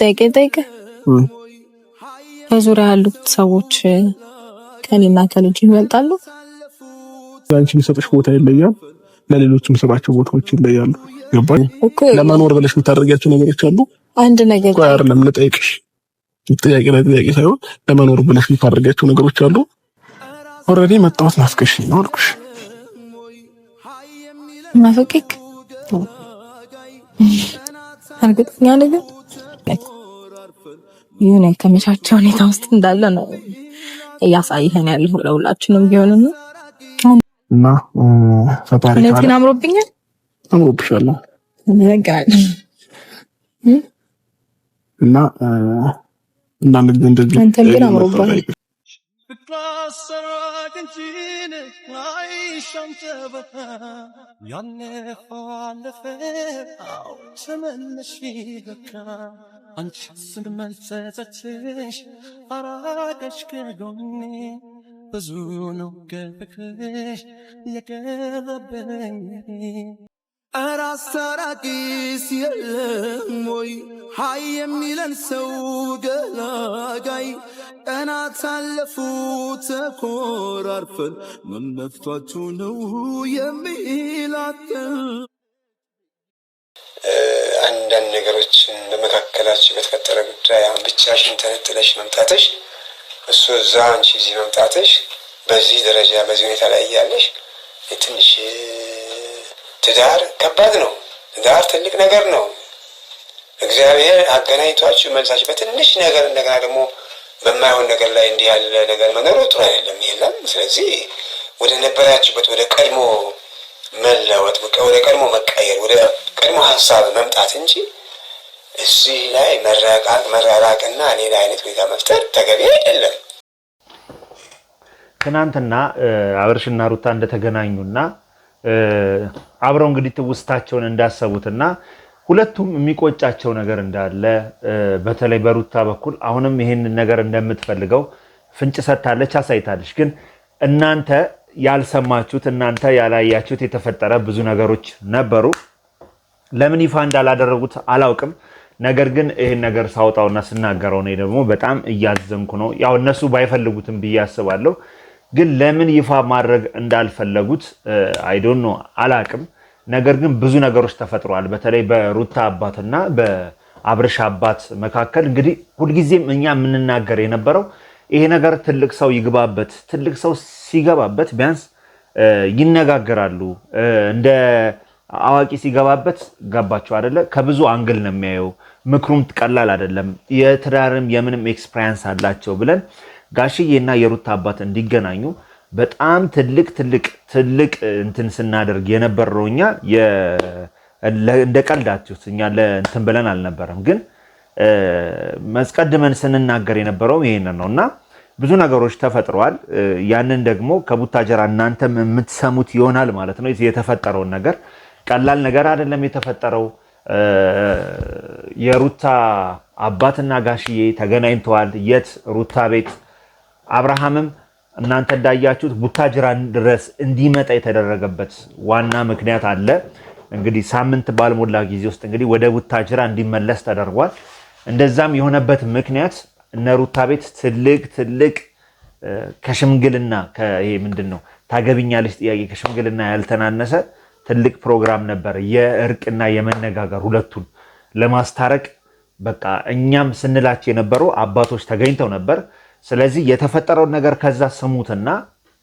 ጥያቄ ጠይቅ። በዙሪያ ያሉት ሰዎች ከኔና ከልጅ ይበልጣሉ። አንቺ የሚሰጥሽ ቦታ ይለያል፣ ለሌሎች የሚሰጣቸው ቦታዎች ይለያሉ። ገባኝ ለመኖር ብለሽ የምታደርጊያቸው ነገሮች አሉ። አንድ ነገር ቆይ፣ አይደለም ልጠይቅሽ፣ ጥያቄ ላይ ጥያቄ ሳይሆን ለመኖር ብለሽ የምታደርጊያቸው ነገሮች አሉ። ኦልሬዲ መጣሁት ናፍቀሽ ነው አልኩሽ። ናፍቄክ እርግጠኛ ነገር ይሁን የተመቻቸ ሁኔታ ውስጥ እንዳለ ነው እያሳይህን ያለሁ ለሁላችንም ቢሆን እና ፈጣሪሁለትን አምሮብኛል፣ አምሮብሻለሁ እና አንተም ግን አምሮብሃል። አለፈ አንቺ ስመጸጸትሽ አራቀሽ ከጎኔ ብዙ ነው ገፍክሽ የቀረበኝ። እረ አስታራቂስ የለም ወይ ሃይ የሚለን ሰው ገላጋይ ቀናት አለፉ ተኮራርፈን መመፍቷችሁ ነው የሚላትን አንዳንድ ነገሮችን በመካከላችሁ በተፈጠረ ጉዳይ አሁን ብቻሽን ተነጥለሽ መምጣትሽ እሱ እዛ አንቺ እዚህ መምጣትሽ በዚህ ደረጃ በዚህ ሁኔታ ላይ እያለሽ ትንሽ ትዳር ከባድ ነው። ትዳር ትልቅ ነገር ነው። እግዚአብሔር አገናኝቷችሁ መልሳችሁ በትንሽ ነገር እንደገና ደግሞ በማይሆን ነገር ላይ እንዲህ ያለ ነገር መኖሩ ጥሩ አይደለም። የለም ስለዚህ ወደ ነበራችሁበት ወደ ቀድሞ መለወጥ ወደ ቀድሞ መቀየር ወደ ቀድሞ ሀሳብ መምጣት እንጂ እዚህ ላይ መራራቅና ሌላ አይነት ሁኔታ መፍጠር ተገቢ አይደለም። ትናንትና አብርሽና ሩታ እንደተገናኙና አብረው እንግዲህ ትውስታቸውን እንዳሰቡትና ሁለቱም የሚቆጫቸው ነገር እንዳለ በተለይ በሩታ በኩል አሁንም ይህንን ነገር እንደምትፈልገው ፍንጭ ሰጥታለች፣ አሳይታለች። ግን እናንተ ያልሰማችሁት እናንተ ያላያችሁት የተፈጠረ ብዙ ነገሮች ነበሩ። ለምን ይፋ እንዳላደረጉት አላውቅም። ነገር ግን ይህን ነገር ሳውጣውና ስናገረው እኔ ደግሞ በጣም እያዘንኩ ነው። ያው እነሱ ባይፈልጉትም ብዬ አስባለሁ። ግን ለምን ይፋ ማድረግ እንዳልፈለጉት አይዶን ነው አላቅም። ነገር ግን ብዙ ነገሮች ተፈጥረዋል። በተለይ በሩታ አባትና በአብርሽ አባት መካከል እንግዲህ ሁልጊዜም እኛ የምንናገር የነበረው ይሄ ነገር ትልቅ ሰው ይግባበት። ትልቅ ሰው ሲገባበት ቢያንስ ይነጋገራሉ። እንደ አዋቂ ሲገባበት ገባቸው አደለ? ከብዙ አንግል ነው የሚያየው። ምክሩም ቀላል አደለም። የትዳርም የምንም ኤክስፐሪንስ አላቸው ብለን ጋሽዬና የሩታ አባት እንዲገናኙ በጣም ትልቅ ትልቅ ትልቅ እንትን ስናደርግ የነበረው እኛ እንደ ቀልዳችሁት እኛ ለእንትን ብለን አልነበረም ግን መስቀድመን ስንናገር የነበረው ይህን ነው እና ብዙ ነገሮች ተፈጥረዋል። ያንን ደግሞ ከቡታጀራ እናንተም የምትሰሙት ይሆናል ማለት ነው። የተፈጠረውን ነገር ቀላል ነገር አይደለም የተፈጠረው። የሩታ አባትና ጋሽዬ ተገናኝተዋል። የት ሩታ ቤት። አብርሃምም እናንተ እንዳያችሁት ቡታጅራን ድረስ እንዲመጣ የተደረገበት ዋና ምክንያት አለ። እንግዲህ ሳምንት ባልሞላ ጊዜ ውስጥ እንግዲህ ወደ ቡታጅራ እንዲመለስ ተደርጓል። እንደዛም የሆነበት ምክንያት እነ ሩታ ቤት ትልቅ ትልቅ ከሽምግልና ይሄ ምንድን ነው ታገቢኛለች ጥያቄ ከሽምግልና ያልተናነሰ ትልቅ ፕሮግራም ነበር። የእርቅና የመነጋገር ሁለቱን ለማስታረቅ በቃ እኛም ስንላቸው የነበሩ አባቶች ተገኝተው ነበር። ስለዚህ የተፈጠረውን ነገር ከዛ ስሙትና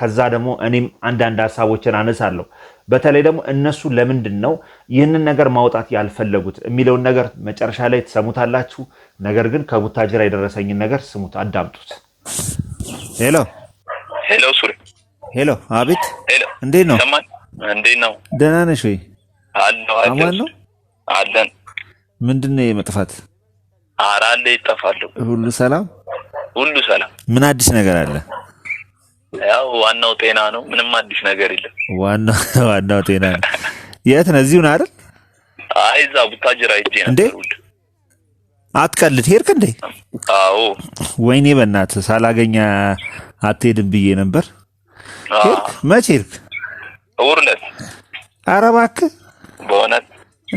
ከዛ ደግሞ እኔም አንዳንድ ሀሳቦችን አነሳለሁ። በተለይ ደግሞ እነሱ ለምንድን ነው ይህንን ነገር ማውጣት ያልፈለጉት የሚለውን ነገር መጨረሻ ላይ ትሰሙታላችሁ። ነገር ግን ከቡታጅራ የደረሰኝን ነገር ስሙት፣ አዳምጡት። ሄሎ ሄሎ፣ ሱሪ ሄሎ፣ አቤት፣ እንዴት ነው? እንዴት ነው? ደህና ነሽ ወይ? አማን ነው አለን። ምንድን ነው የመጥፋት? አራለ ይጠፋሉ። ሁሉ ሰላም፣ ሁሉ ሰላም። ምን አዲስ ነገር አለ? ያው ዋናው ጤና ነው። ምንም አዲስ ነገር የለም። ዋናው ጤና ነው። የት ነህ? እዚሁ ነህ አይደል? አይ እዛ ቡታጅራ ሂጅ እንዴ። አትቀልድ። ሄድክ እንዴ? አዎ። ወይኔ በእናትህ ሳላገኛ አትሄድም ብዬ ነበር። ሄድክ? መቼ ሄድክ? እሑድ ዕለት። ኧረ እባክህ በእውነት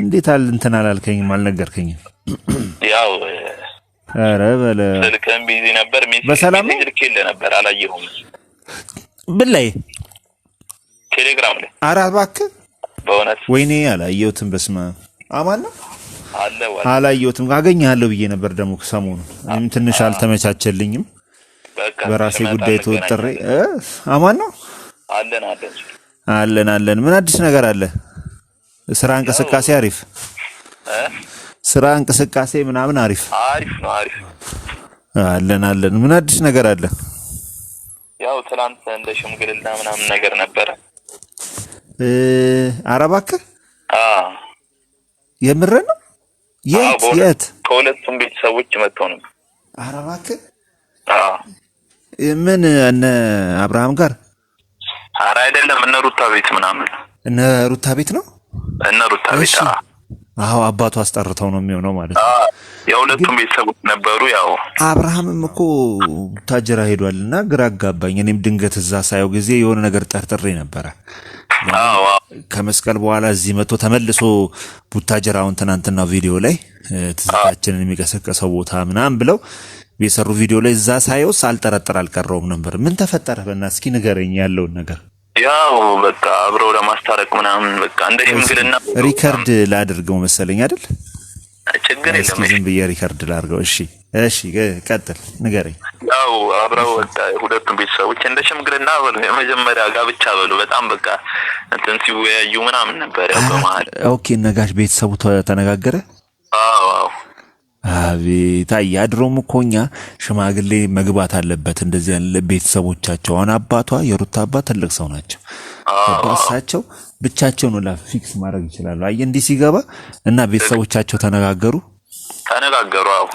እንዴት አል እንትን አላልከኝም፣ አልነገርከኝም። ያው ኧረ በለ ስልክህን ቢዚ ነበር። በሰላም ስልክ የለ ነበር፣ አላየሁም ብላይ ቴሌግራም ላይ? አራት እባክህ በእውነት ወይኔ አላየሁትም። በስመ አማን ነው አላየሁትም። አገኘሃለሁ ብዬ ነበር ደግሞ ሰሞኑን። እኔም ትንሽ አልተመቻቸልኝም በራሴ ጉዳይ ተወጥሬ። አማን ነው አለን አለን አለን አለን። ምን አዲስ ነገር አለ? ስራ እንቅስቃሴ አሪፍ ስራ እንቅስቃሴ ምናምን አሪፍ አሪፍ ነው። አሪፍ አለን አለን። ምን አዲስ ነገር አለ? ትላንት እንደ ሽምግልና ምናምን ነገር ነበረ። ኧረ እባክህ የምር ነው። የት የት? ከሁለቱም ቤተሰቦች መጥተው ነው። ኧረ እባክህ ምን እነ አብርሃም ጋር? ኧረ አይደለም፣ እነ ሩታ ቤት ምናምን፣ እነ ሩታ ቤት ነው። እነ ሩታ ቤት አዎ። አባቱ አስጠርተው ነው የሚሆነው ማለት ነው። የሁለቱም ቤተሰቦች ነበሩ። ያው አብርሃምም እኮ ታጀራ ሄዷል እና ግራ አጋባኝ። እኔም ድንገት እዛ ሳየው ጊዜ የሆነ ነገር ጠርጥሬ ነበረ። ከመስቀል በኋላ እዚህ መጥቶ ተመልሶ ቡታጀራውን ትናንትና ቪዲዮ ላይ ትዝታችንን የሚቀሰቀሰው ቦታ ምናምን ብለው የሰሩ ቪዲዮ ላይ እዛ ሳየው ሳልጠረጥር አልቀረውም ነበር። ምን ተፈጠረ? በና እስኪ ንገረኝ ያለውን ነገር። ያው በቃ አብረው ለማስታረቅ ምናምን በቃ እንደ ሽምግልና ሪከርድ ላድርገው መሰለኝ አይደል ችግር የለም። ዝም ብዬ ሪከርድ ላድርገው። እሺ፣ እሺ፣ ቀጥል፣ ንገረኝ። ያው አብረው ወጣ ሁለቱም ቤተሰቦች እንደ ሽምግልና በሉ የመጀመሪያ ጋብቻ በሉ በጣም በቃ እንትን ሲወያዩ ምናምን ነበር። ያው በመሀል ኦኬ፣ ነጋሽ ቤተሰቡ ተነጋገረ። አዎ፣ አዎ። አቤት አያድሮም እኮ እኛ ሽማግሌ መግባት አለበት እንደዚህ ያለ ቤተሰቦቻቸው። አሁን አባቷ የሩታ አባት ትልቅ ሰው ናቸው። እሳቸው ብቻቸውን ሁላ ፊክስ ማድረግ ይችላሉ። አየ እንዲህ ሲገባ እና ቤተሰቦቻቸው ተነጋገሩ ተነጋገሩ። አዎ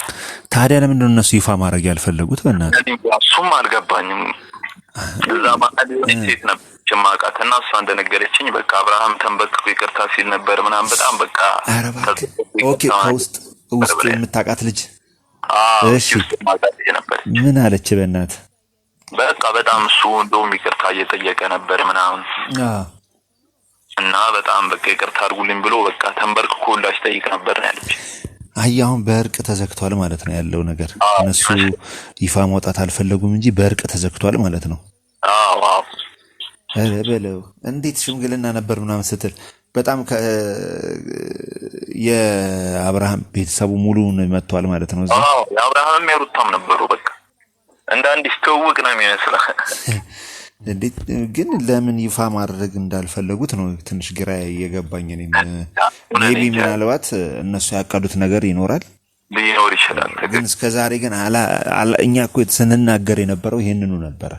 ታዲያ ለምንድን እነሱ ይፋ ማድረግ ያልፈለጉት? በእናትህ እሱም አልገባኝም። እዛ ባህል ሴት ነበር ጭማቃት እና እሷ እንደነገረችኝ በቃ አብርሃም ተንበርክኮ ይቅርታ ሲል ነበር ምናምን በጣም በቃ ኦኬ። ከውስጥ ውስጥ የምታውቃት ልጅ እሺ፣ ምን አለች? በእናትህ በቃ በጣም እሱ እንደውም ይቅርታ እየጠየቀ ነበር ምናምን እና በጣም በቃ ይቅርታ አድርጉልኝ ብሎ በቃ ተንበርክኮ ሁላች ጠይቅ ነበር ነው ያለች። አይ አሁን በእርቅ ተዘግቷል ማለት ነው ያለው ነገር። እነሱ ይፋ መውጣት አልፈለጉም እንጂ በእርቅ ተዘግቷል ማለት ነው። በለው እንዴት ሽምግልና ነበር ምናምን ስትል በጣም የአብርሃም ቤተሰቡ ሙሉ መጥቷል ማለት ነው። የአብርሃምም የሩታም ነበሩ። በቃ እንደ አንድ ስተውቅ ነው የሚመስለው እንዴት ግን ለምን ይፋ ማድረግ እንዳልፈለጉት ነው ትንሽ ግራ የገባኝ። ሜቢ ምናልባት እነሱ ያቀዱት ነገር ይኖራል ሊኖር ይችላል። ግን እስከ ዛሬ ግን እኛ እኮ ስንናገር የነበረው ይህንኑ ነበረ።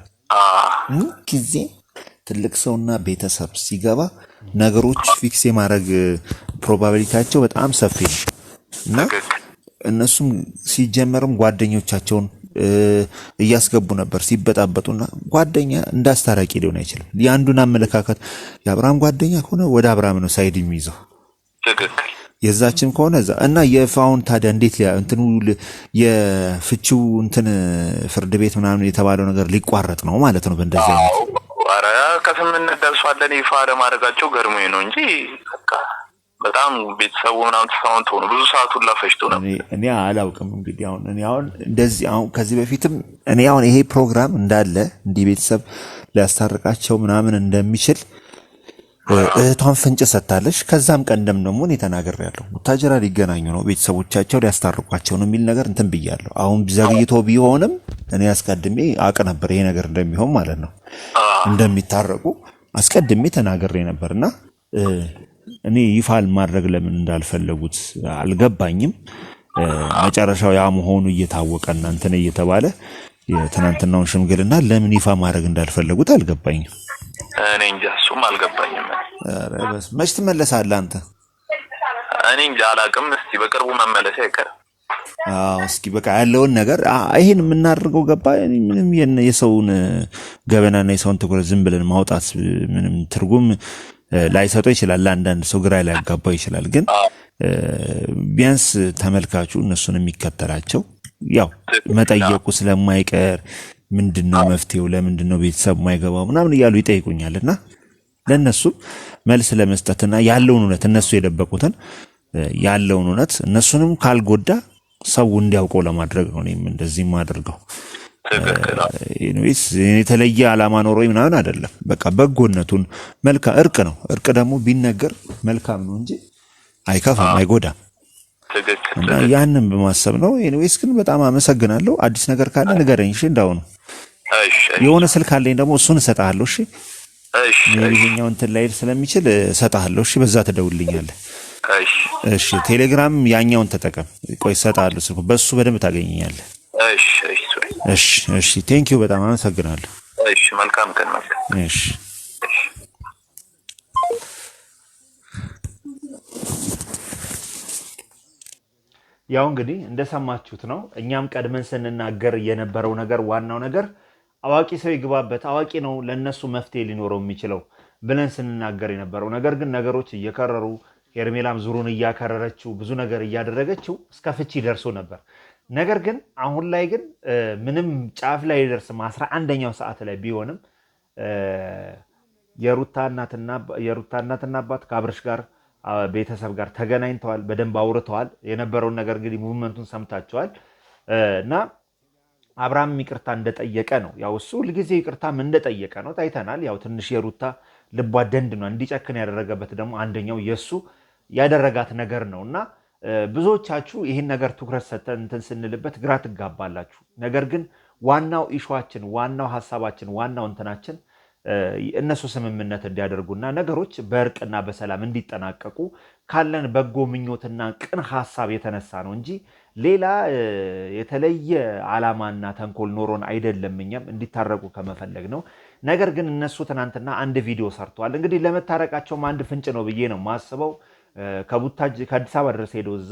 ጊዜ ትልቅ ሰውና ቤተሰብ ሲገባ ነገሮች ፊክስ የማድረግ ፕሮባቢሊቲያቸው በጣም ሰፊ ነው እና እነሱም ሲጀመርም ጓደኞቻቸውን እያስገቡ ነበር ሲበጣበጡና ጓደኛ እንዳስታራቂ ሊሆን አይችልም። የአንዱን አመለካከት የአብርሃም ጓደኛ ከሆነ ወደ አብርሃም ነው ሳይድ የሚይዘው የዛችም ከሆነ እዛ እና የፋውን ታዲያ እንዴት እንትኑ የፍቺው እንትን ፍርድ ቤት ምናምን የተባለው ነገር ሊቋረጥ ነው ማለት ነው። በእንደዚህ አይነት ከስምምነት ደርሷለን ይፋ ለማድረጋቸው ገርሞኝ ነው እንጂ በጣም ቤተሰቡ ምናምን ተሰማን ትሆኑ ብዙ ሰዓት ሁላ ፈጅቶ ነው። እኔ አላውቅም እንግዲህ አሁን እኔ አሁን እንደዚህ አሁን ከዚህ በፊትም እኔ አሁን ይሄ ፕሮግራም እንዳለ እንዲህ ቤተሰብ ሊያስታርቃቸው ምናምን እንደሚችል እህቷን ፍንጭ ሰጥታለች። ከዛም ቀደም ደግሞ እኔ ተናገር ተናግሬያለሁ። ሙታጀራ ሊገናኙ ነው፣ ቤተሰቦቻቸው ሊያስታርቋቸው ነው የሚል ነገር እንትን ብያለሁ። አሁን ዘግይቶ ቢሆንም እኔ አስቀድሜ አቅ ነበር ይሄ ነገር እንደሚሆን ማለት ነው እንደሚታረቁ አስቀድሜ ተናገሬ ነበር እና እኔ ይፋል ማድረግ ለምን እንዳልፈለጉት አልገባኝም። መጨረሻው ያ መሆኑ እየታወቀ እናንተን እየተባለ የትናንትናውን ሽምግልና ለምን ይፋ ማድረግ እንዳልፈለጉት አልገባኝም። እኔ እንጃ እሱም አልገባኝም። መች ትመለሳለህ አንተ? እኔ እንጃ አላቅም። እስቲ በቅርቡ መመለስ አይቀርም። እስኪ በቃ ያለውን ነገር ይሄን የምናደርገው ገባ። ምንም የሰውን ገበናና የሰውን ትኩረት ዝም ብለን ማውጣት ምንም ትርጉም ላይሰጠው ይችላል። ለአንዳንድ ሰው ግራ ሊያጋባው ይችላል። ግን ቢያንስ ተመልካቹ እነሱን የሚከተላቸው ያው መጠየቁ ስለማይቀር ምንድን ነው መፍትሄው፣ ለምንድን ነው ቤተሰብ ማይገባው ምናምን እያሉ ይጠይቁኛል እና ለእነሱ መልስ ለመስጠትና ያለውን እውነት እነሱ የደበቁትን ያለውን እውነት እነሱንም ካልጎዳ ሰው እንዲያውቀው ለማድረግ ነው እኔም እንደዚህ የተለየ ዓላማ ኖሮ ምናምን አይደለም። በቃ በጎነቱን መልካ እርቅ ነው። እርቅ ደግሞ ቢነገር መልካም ነው እንጂ አይከፋም፣ አይጎዳም። እና ያንን በማሰብ ነው። ኤኒዌይስ ግን በጣም አመሰግናለሁ። አዲስ ነገር ካለ ንገረኝ። እሺ፣ እንዳሁኑ የሆነ ስልክ አለኝ ደግሞ እሱን እሰጥሃለሁ። እሺ፣ ይሄኛው እንትን ላይ ስለሚችል እሰጥሃለሁ። እሺ፣ በዛ ትደውልኛለህ። እሺ፣ ቴሌግራም ያኛውን ተጠቀም። ቆይ እሰጥሃለሁ ስልኩ፣ በሱ በደንብ ታገኘኛለህ። እሺ፣ እሺ። ቴንክ ዩ በጣም አመሰግናለሁ። እሺ፣ መልካም ቀን። እሺ። ያው እንግዲህ እንደሰማችሁት ነው። እኛም ቀድመን ስንናገር የነበረው ነገር ዋናው ነገር አዋቂ ሰው ይግባበት፣ አዋቂ ነው ለእነሱ መፍትሄ ሊኖረው የሚችለው ብለን ስንናገር የነበረው ነገር ግን ነገሮች እየከረሩ ሄርሜላም ዙሩን እያከረረችው ብዙ ነገር እያደረገችው እስከ ፍቺ ደርሶ ነበር። ነገር ግን አሁን ላይ ግን ምንም ጫፍ ላይ አይደርስም። አስራ አንደኛው ሰዓት ላይ ቢሆንም የሩታ እናትና አባት ከአብርሽ ጋር ቤተሰብ ጋር ተገናኝተዋል፣ በደንብ አውርተዋል። የነበረውን ነገር እንግዲህ ሙቭመንቱን ሰምታቸዋል እና አብርሃም ይቅርታ እንደጠየቀ ነው። ያው እሱ ሁልጊዜ ይቅርታም እንደጠየቀ ነው ታይተናል። ያው ትንሽ የሩታ ልቧ ደንድ ነው እንዲጨክን ያደረገበት ደግሞ አንደኛው የእሱ ያደረጋት ነገር ነው እና ብዙዎቻችሁ ይህን ነገር ትኩረት ሰጠን እንትን ስንልበት ግራ ትጋባላችሁ። ነገር ግን ዋናው ኢሹችን ዋናው ሀሳባችን፣ ዋናው እንትናችን እነሱ ስምምነት እንዲያደርጉና ነገሮች በእርቅና በሰላም እንዲጠናቀቁ ካለን በጎ ምኞትና ቅን ሀሳብ የተነሳ ነው እንጂ ሌላ የተለየ ዓላማና ተንኮል ኖሮን አይደለም። እኛም እንዲታረቁ ከመፈለግ ነው። ነገር ግን እነሱ ትናንትና አንድ ቪዲዮ ሰርተዋል። እንግዲህ ለመታረቃቸውም አንድ ፍንጭ ነው ብዬ ነው ማስበው። ከቡታጅ ከአዲስ አበባ ድረስ ሄዶ እዛ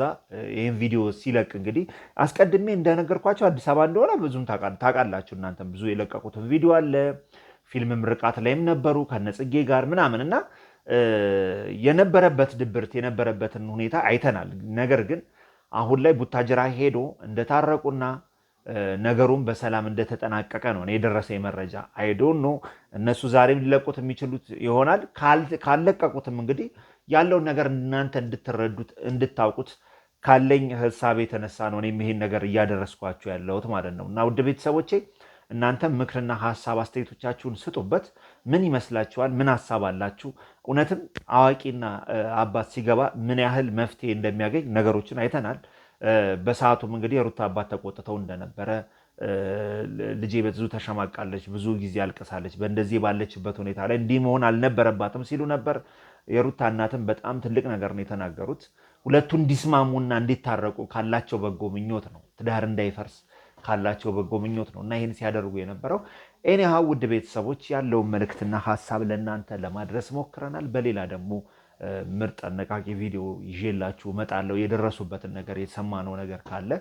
ይህን ቪዲዮ ሲለቅ እንግዲህ አስቀድሜ እንደነገርኳቸው አዲስ አበባ እንደሆነ ብዙም ታውቃላችሁ እናንተም ብዙ የለቀቁትን ቪዲዮ አለ። ፊልም ምርቃት ላይም ነበሩ ከነጽጌ ጋር ምናምን እና የነበረበት ድብርት የነበረበትን ሁኔታ አይተናል። ነገር ግን አሁን ላይ ቡታጅራ ሄዶ እንደታረቁና ነገሩም በሰላም እንደተጠናቀቀ ነው የደረሰ መረጃ። አይዶን ነው እነሱ ዛሬም ሊለቁት የሚችሉት ይሆናል። ካልለቀቁትም እንግዲህ ያለውን ነገር እናንተ እንድትረዱት እንድታውቁት ካለኝ ህሳብ የተነሳ ነው እኔም ይሄን ነገር እያደረስኳችሁ ያለሁት ማለት ነው። እና ውድ ቤተሰቦቼ እናንተም ምክርና ሀሳብ አስተያየቶቻችሁን ስጡበት። ምን ይመስላችኋል? ምን ሀሳብ አላችሁ? እውነትም አዋቂና አባት ሲገባ ምን ያህል መፍትሄ እንደሚያገኝ ነገሮችን አይተናል። በሰዓቱም እንግዲህ የሩታ አባት ተቆጥተው እንደነበረ ልጄ ብዙ ተሸማቃለች፣ ብዙ ጊዜ አልቀሳለች በእንደዚህ ባለችበት ሁኔታ ላይ እንዲህ መሆን አልነበረባትም ሲሉ ነበር። የሩታ እናትም በጣም ትልቅ ነገር ነው የተናገሩት። ሁለቱ እንዲስማሙና እንዲታረቁ ካላቸው በጎ ምኞት ነው። ትዳር እንዳይፈርስ ካላቸው በጎ ምኞት ነው እና ይህን ሲያደርጉ የነበረው ኤኒሃ ውድ ቤተሰቦች ያለውን መልእክትና ሀሳብ ለእናንተ ለማድረስ ሞክረናል። በሌላ ደግሞ ምርጥ አነቃቂ ቪዲዮ ይዤላችሁ እመጣለሁ። የደረሱበትን ነገር የተሰማነው ነገር ካለ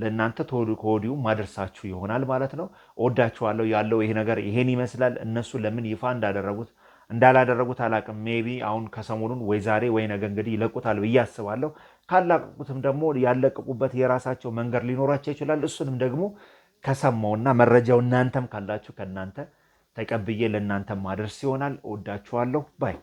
ለእናንተ ከወዲሁ ማደርሳችሁ ይሆናል ማለት ነው። እወዳችኋለሁ። ያለው ይሄ ነገር ይሄን ይመስላል። እነሱ ለምን ይፋ እንዳደረጉት እንዳላደረጉት አላቅም። ሜቢ አሁን ከሰሞኑን ወይ ዛሬ ወይ ነገ እንግዲህ ይለቁታል ብዬ አስባለሁ። ካላቀቁትም ደግሞ ያለቀቁበት የራሳቸው መንገድ ሊኖራቸው ይችላል። እሱንም ደግሞ ከሰማውና መረጃው እናንተም ካላችሁ ከእናንተ ተቀብዬ ለእናንተ ማደርስ ይሆናል። ወዳችኋለሁ ባይ